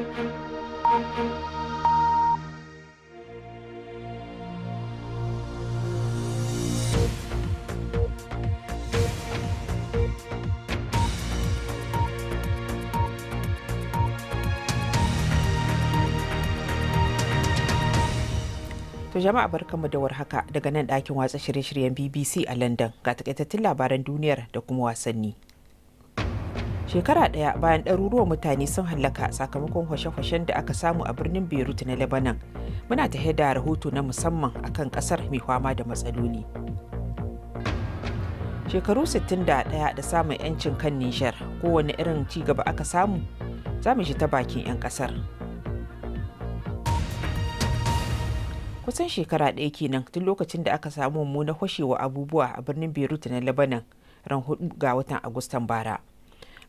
To jama'a barkanmu da warhaka daga nan ɗakin watsa shirye-shiryen BBC a London ga takaitattun labaran duniyar da kuma wasanni. shekara ɗaya bayan ɗaruruwan mutane sun hallaka sakamakon hwashe-hwashen da aka samu a birnin beirut na lebanon muna ta da rahoto na musamman akan ƙasar mai fama da matsaloli shekaru 61 da samun 'yancin kan nijar kowane irin ci gaba aka samu za mu ta bakin 'yan ƙasar kusan shekara ɗaya kenan tun lokacin da aka samu mummunar hwashewa abubuwa a birnin beirut na lebanon ran hudu ga watan agustan bara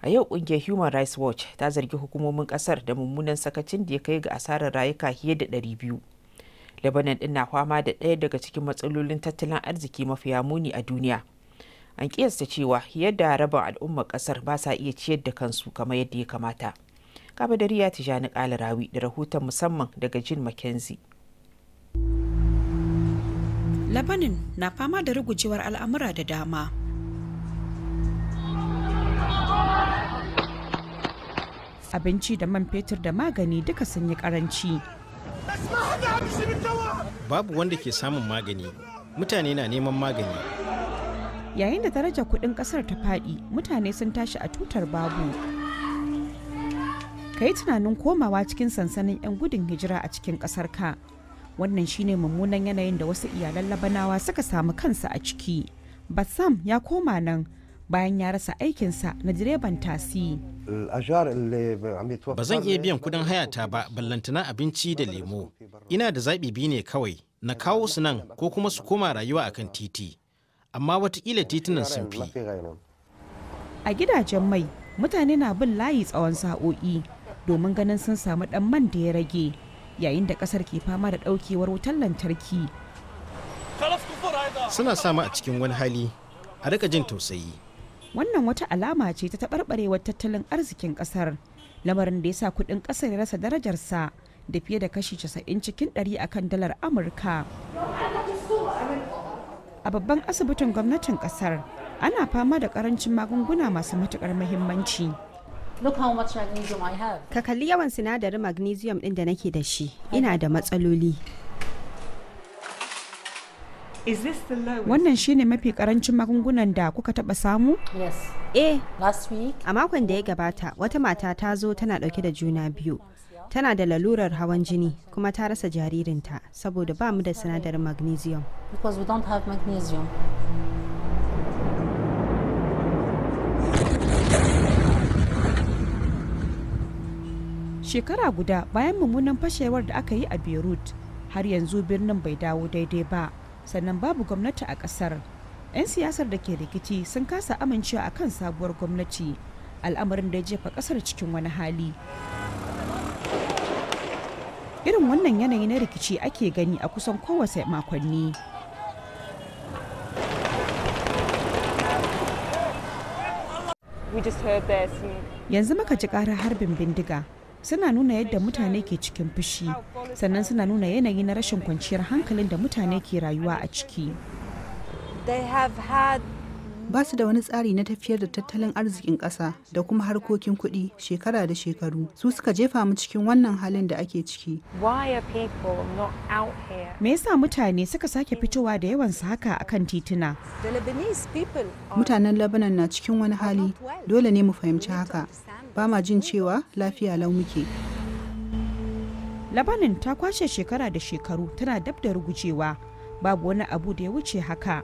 a yau kungiyar human rights watch ta zargi hukumomin kasar da mummunan sakacin da ya kai ga asarar rayuka fiye da 200 lebanon din na fama da ɗaya daga cikin matsalolin tattalin arziki mafiya muni a duniya an kiyasta cewa yadda rabin al'ummar kasar ba sa iya ciyar da kansu kamar yadda ya kamata kabadariya tijani kalarawi da rahoton musamman daga jin mckenzie labanin na fama da rugujewar al'amura da dama abinci da man fetur da magani duka sun yi karanci babu wanda ke samun magani mutane na neman magani yayin da daraja kudin kasar ta fadi mutane sun tashi a tutar babu ka yi tunanin komawa cikin sansanin 'yan gudun hijira a cikin kasar ka wannan shine mummunan yanayin da wasu iyalan labanawa suka samu kansa a ciki bassam ya koma nan bayan ya rasa aikinsa na direban tasi. Ba zan iya biyan kudin hayata ba ballantana abinci da lemo. Ina da zaɓi biyu ne kawai na kawo su nan ko kuma su koma rayuwa akan titi. Amma watakila titunan sun fi. A gidajen mai mutane na bin layi tsawon sa'o'i domin ganin sun samu ɗan man da ya rage yayin da ƙasar ke fama da ɗaukewar wutar lantarki. Suna samu a cikin wani hali a rika jin tausayi. wannan wata alama ce ta taɓarɓarewar tattalin arzikin ƙasar lamarin da ya sa kuɗin ƙasar ya rasa darajarsa da fiye da kashi casa'in cikin 100 akan dalar amurka a babban asibitin gwamnatin ƙasar ana fama da ƙarancin magunguna masu matuƙar muhimmanci ka kalli yawan sinadarin magnesium ɗin da nake da shi ina da matsaloli Wannan shine mafi karancin magungunan da kuka taba samu? Yes. Eh, a makon da ya gabata, wata mata ta zo tana dauke da juna biyu. Tana da lalurar hawan jini kuma ta rasa jaririnta saboda ba mu da sinadarin magnesium. Because magnesium. Shekara guda bayan mummunan fashewar da aka yi a Beirut, har yanzu birnin bai dawo daidai ba. sannan babu gwamnati a ƙasar 'yan siyasar da ke rikici sun kasa amincewa akan sabuwar gwamnati al'amarin da ya jefa ƙasar cikin wani hali irin wannan yanayi na rikici ake gani a kusan kowace makonni yanzu muka ji karar harbin bindiga suna nuna yadda mutane ke cikin fushi sannan suna nuna yanayi na rashin kwanciyar hankalin da mutane ke rayuwa a ciki ba su da wani tsari na tafiyar da tattalin arzikin ƙasa da kuma harkokin kuɗi shekara da shekaru su suka jefa mu cikin wannan halin da ake ciki me yasa mutane suka sake fitowa da yawan su haka kan tituna mutanen labanan na cikin wani hali dole ne mu fahimci haka ba ma jin cewa lafiya lau muke labanin ta kwashe shekara da shekaru tana dab da rugujewa babu wani abu da ya wuce haka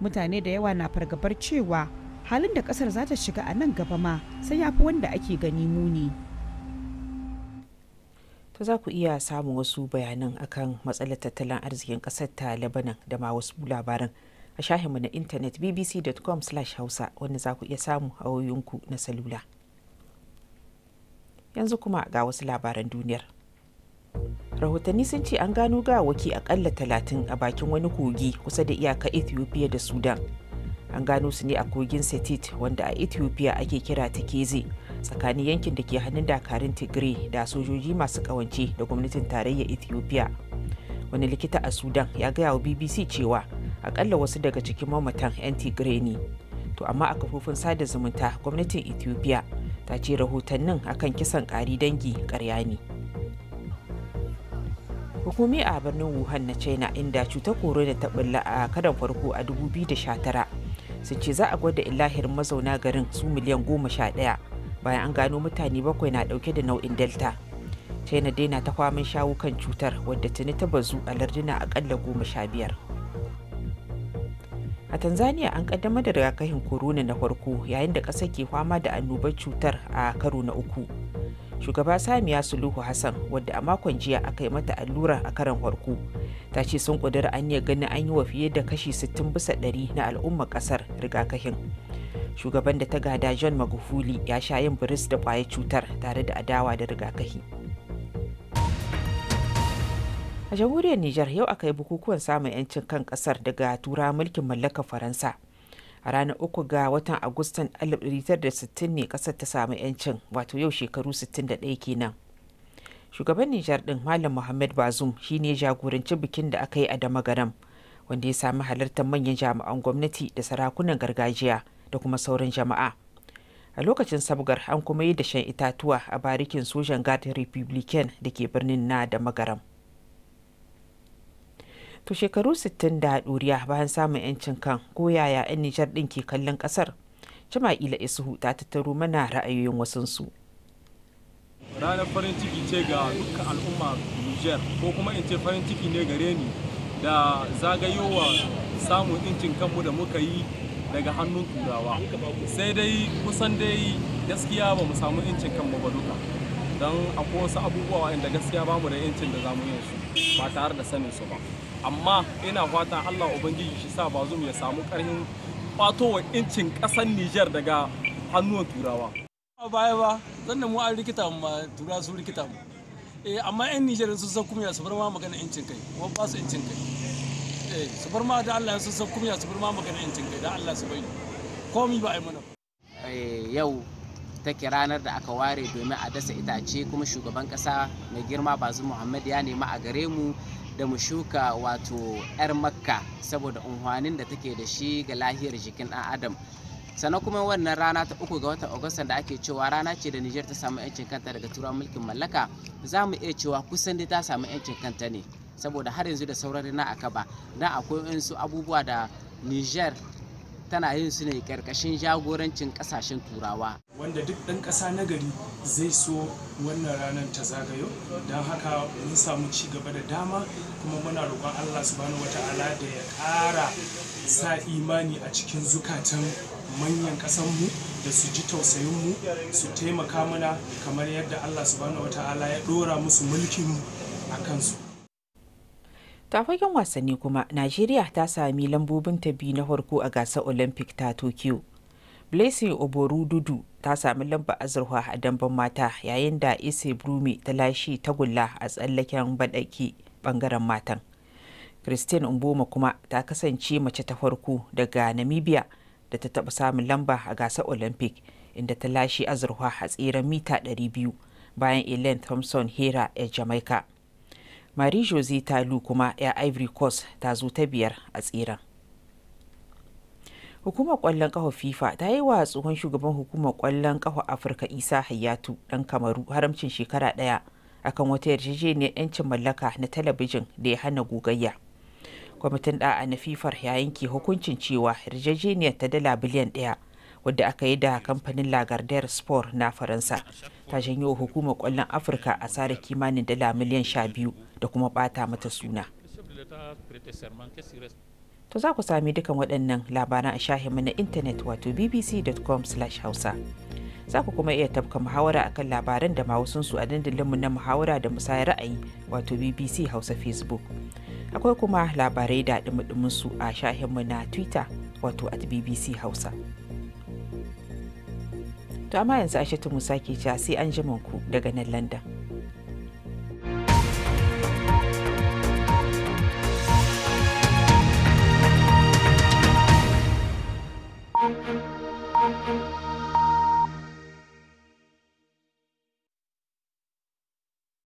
mutane da yawa na fargabar cewa halin da kasar za ta shiga a nan gaba ma sai ya fi wanda ake gani muni ta za ku iya samun wasu bayanan akan matsalar tattalin arzikin kasar ta labanin da ma wasu labaran a shahinmu na intanet bbc.com hausa wanda za ku iya samu a wayoyinku na salula yanzu kuma ga wasu labaran duniyar rahotanni sun ce an gano gawaki akalla talatin a bakin wani kogi kusa da iyaka ethiopia da sudan an gano su ne a kogin setit wanda a ethiopia ake kira ta keze tsakanin yankin da ke hannun dakarun tigray da sojoji masu kawance da gwamnatin tarayya ethiopia wani likita a sudan ya gaya wa bbc cewa akalla wasu daga cikin mamatan 'yan tigray ne to amma a kafofin sada zumunta gwamnatin ethiopia ta ce rahotannin akan kisan kari dangi ƙarya ne. hukumi a birnin wuhan na china inda cutar corona ta bulla a karan farko a 2019 su ce za a gwada ilahir mazauna garin su miliyan goma sha ɗaya bayan an gano mutane bakwai na dauke da nau'in delta china dai na ta kwamin shawo kan cutar wadda tuni ta bazu a larduna akalla goma sha biyar a tanzania an kaddamar da rigakafin corona na farko yayin da ƙasa ke fama da annobar cutar a karo na uku shugaba samiya suluhu hassan wadda a makon jiya aka yi mata allura a karan farko ta ce sun ƙudiri yi ganin an yi wa fiye da kashi 60 bisa ɗari na al'ummar ƙasar rigakafin shugaban da ta gada john magufuli ya sha yin biris da kwaya cutar tare da adawa da rigakafi a jamhuriyar niger yau aka yi bukukuwan samun 'yancin kan kasar daga tura mulkin mallakar faransa a ranar uku ga watan agustan 1960 ne kasar ta samu 'yancin wato yau shekaru 61 kenan shugaban nijar din malam muhammad bazum shine jagoranci bikin da aka yi a damagaram wanda ya sami halartar manyan jami'an gwamnati da sarakunan gargajiya da kuma sauran jama'a a lokacin sabgar an kuma yi da shan itatuwa a barikin sojan gadin republican da ke birnin na da magaram to shekaru 60 da ɗuriya bayan samun 'yancin kan goyaya 'yan nijar ɗin ke kallon ƙasar jama'ila isuhu ta tattaro mana ra'ayoyin su. ranar farin ciki ce ga dukkan al'umma nijar ko kuma in ce farin ciki ne gare ni da zagayowa samun incin kanmu da muka yi daga hannun turawa sai dai kusan dai gaskiya ba mu samu incin kanmu ba duka don akwai wasu abubuwa inda gaskiya ba mu da incin da zamu yin su ba tare da sanin su ba amma ina fatan allah ubangiji shi sa bazum ya samu karhin fatowa incin ƙasar niger daga hannuwan turawa a baya ba zan mu an rikita mu tura su rikita mu eh amma yan niger sun san kuma ya su ma magana incin kai ko ba su incin kai eh su bar ma da allah sun san kuma ya su ma magana incin kai da allah su bai komi ba ai mana eh, yau take ranar da aka ware domin a dasa itace kuma shugaban kasa mai girma bazu muhammad ya nema a gare mu da mu shuka wato 'yar makka saboda unhwanin da take da shi ga lahiyar jikin ɗan adam sannan kuma wannan rana ta uku ga watan agusta da ake cewa rana ce da Nijar ta samu 'yancin kanta daga turawan mulkin mallaka za mu iya cewa kusan dai ta samu 'yancin kanta ne saboda har yanzu da sauran na a kaba don akwai wasu abubuwa da niger tana yin su ne karkashin jagorancin kasashen turawa wanda duk ɗan ƙasa na gari zai so wannan ranar ta zagayo don haka mun samu ci gaba da dama kuma muna roƙon allah subhanahu wata'ala da ya ƙara sa imani a cikin zukatan manyan ƙasanmu da su ji tausayinmu su taimaka mana kamar yadda allah subhanahu wata'ala ya ɗora musu mulkinmu a kansu ta fagen wasanni kuma najeriya ta sami lambobin ta biyu na farko a gasar olympic ta tokyo blessing oboru dudu ta sami lamba azurwa a damben mata yayin da ise brumi ta lashe tagulla a tsallaken baɗaki bangaren matan christine umboma kuma ta kasance mace ta farko daga namibia da ta taɓa samun lamba a gasar olympic inda ta lashe azurwa a tseren mita 200 bayan elaine thompson hera a jamaica marie jose talu kuma 'ya ivory coast ta zo ta biyar a tseren hukumar kwallon kafa fifa ta yi wa tsohon shugaban hukumar kwallon kafa afirka isa hayatu dan kamaru haramcin shekara daya akan wata yarjejeniyar 'yancin mallaka na talabijin da ya hana gogayya kwamitin da'a na fifar ya yanke hukuncin cewa yarjejeniyar ta dala biliyan daya wadda aka yi da kamfanin lagardere sport na faransa ta janyo hukumar kwallon afirka a tsara kimanin dala miliyan sha biyu da kuma bata mata suna to za ku sami dukan waɗannan labaran a shahinmu na intanet wato bbc.com hausa za ku kuma iya tafka muhawara akan labaran da mawusunsu a dandalinmu na muhawara da musayar ra'ayi wato bbc hausa facebook akwai kuma labarai da dumudumunsu a shahinmu na twitter wato at bbc hausa to amma yanzu aishatu musa ke ja sai an ku daga nan london